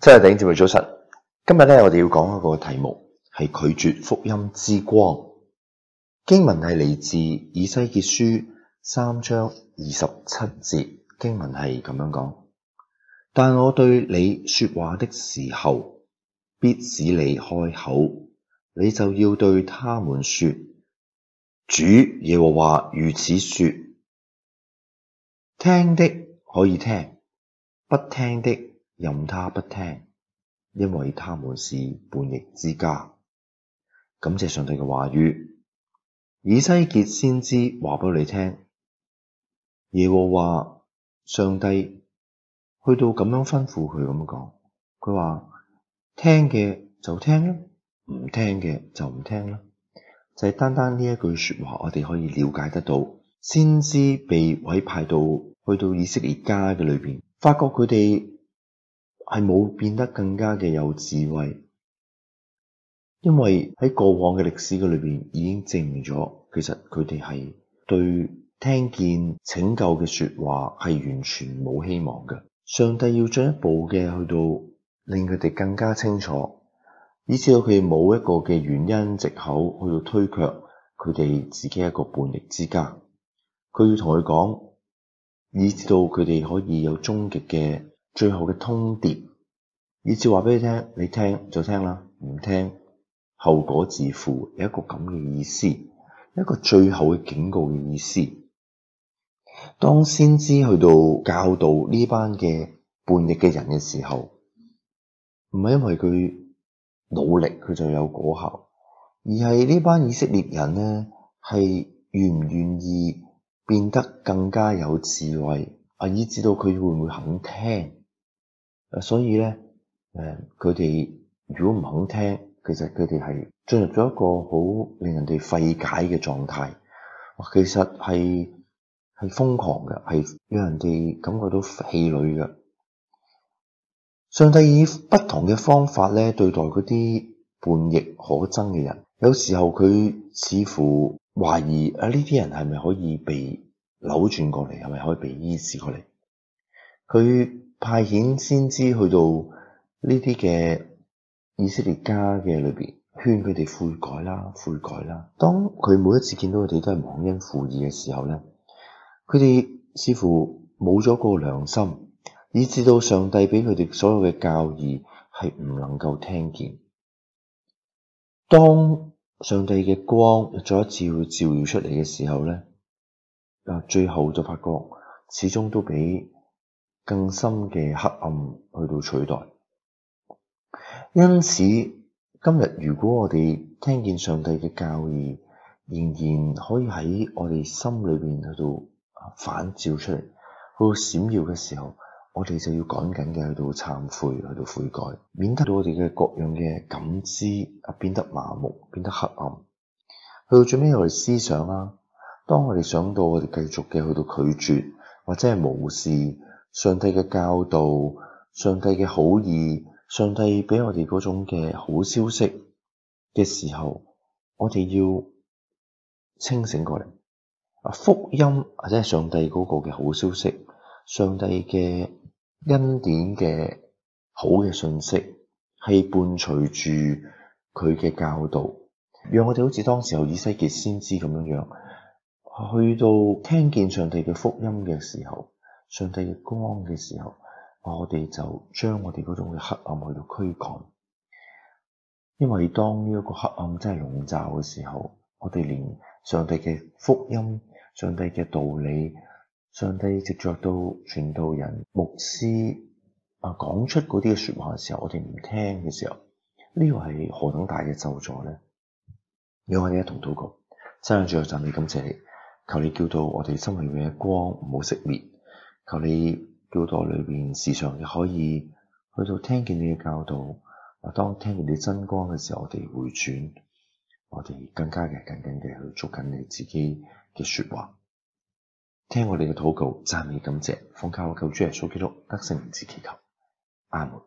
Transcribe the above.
即係頂節目早晨，今日咧我哋要講一個題目，係拒絕福音之光。經文係嚟自以西結書三章二十七節，經文係咁樣講：但我對你說話的時候，必使你開口，你就要對他們說，主耶和華如此說，聽的可以聽，不聽的。任他不聽，因為他們是叛逆之家。感謝上帝嘅話語，以西結先知話俾你聽：耶和華上帝去到咁樣吩咐佢咁講，佢話，聽嘅就聽啦，唔聽嘅就唔聽啦。就係單單呢一句說話，我哋可以了解得到，先知被委派到去到以色列家嘅裏邊，發覺佢哋。係冇變得更加嘅有智慧，因為喺過往嘅歷史嘅裏邊已經證明咗，其實佢哋係對聽見拯救嘅説話係完全冇希望嘅。上帝要進一步嘅去到令佢哋更加清楚，以至到佢冇一個嘅原因藉口去到推卻佢哋自己一個叛逆之家。佢要同佢講，以至到佢哋可以有終極嘅。最後嘅通牒，以至話俾你，你聽，你聽就聽啦，唔聽，後果自負，有一個咁嘅意思，一個最後嘅警告嘅意思。當先知去到教導呢班嘅叛逆嘅人嘅時候，唔係因為佢努力，佢就有果效，而係呢班以色列人呢，係願唔願意變得更加有智慧，以至到佢會唔會肯聽？所以咧，誒，佢哋如果唔肯聽，其實佢哋係進入咗一個好令人哋費解嘅狀態。其實係係瘋狂嘅，係讓人哋感覺到氣餒嘅。上帝以不同嘅方法咧，對待嗰啲叛逆可憎嘅人。有時候佢似乎懷疑啊，呢啲人係咪可以被扭轉過嚟？係咪可以被醫治過嚟？佢派遣先知去到呢啲嘅以色列家嘅裏邊，勸佢哋悔改啦，悔改啦。當佢每一次見到佢哋都係忘恩負義嘅時候咧，佢哋似乎冇咗個良心，以至到上帝俾佢哋所有嘅教義係唔能夠聽見。當上帝嘅光再一次去照耀出嚟嘅時候咧，但最後就發覺始終都俾。更深嘅黑暗去到取代，因此今日如果我哋聽見上帝嘅教義，仍然可以喺我哋心裏邊去到反照出嚟，去到閃耀嘅時候，我哋就要趕緊嘅去到懺悔，去到悔改，免得到我哋嘅各樣嘅感知啊，變得麻木，變得黑暗，去到最尾又去思想啦。當我哋想到我哋繼續嘅去到拒絕或者係無視。上帝嘅教導，上帝嘅好意，上帝俾我哋嗰種嘅好消息嘅時候，我哋要清醒過嚟。啊，福音或者係上帝嗰個嘅好消息，上帝嘅恩典嘅好嘅信息，係伴隨住佢嘅教導，讓我哋好似當時候以西結先知咁樣樣，去到聽見上帝嘅福音嘅時候，上帝嘅光嘅時候，我哋就將我哋嗰種嘅黑暗去到驅趕。因為當呢一個黑暗真係籠罩嘅時候，我哋連上帝嘅福音、上帝嘅道理、上帝藉着到傳道人牧師啊講出嗰啲嘅說話嘅時候，我哋唔聽嘅時候，呢、這個係何等大嘅咒詛咧？有我哋一同禱告，真係最後就你，感謝你，求你叫到我哋心裏面嘅光唔好熄滅。求你叫導裏邊時常亦可以去到聽見你嘅教導，或當聽見你真光嘅時候，我哋回轉，我哋更加嘅緊緊地去捉緊你自己嘅說話，聽我哋嘅禱告，讚美感謝，奉靠我救主耶穌基督，得勝名字祈求，阿門。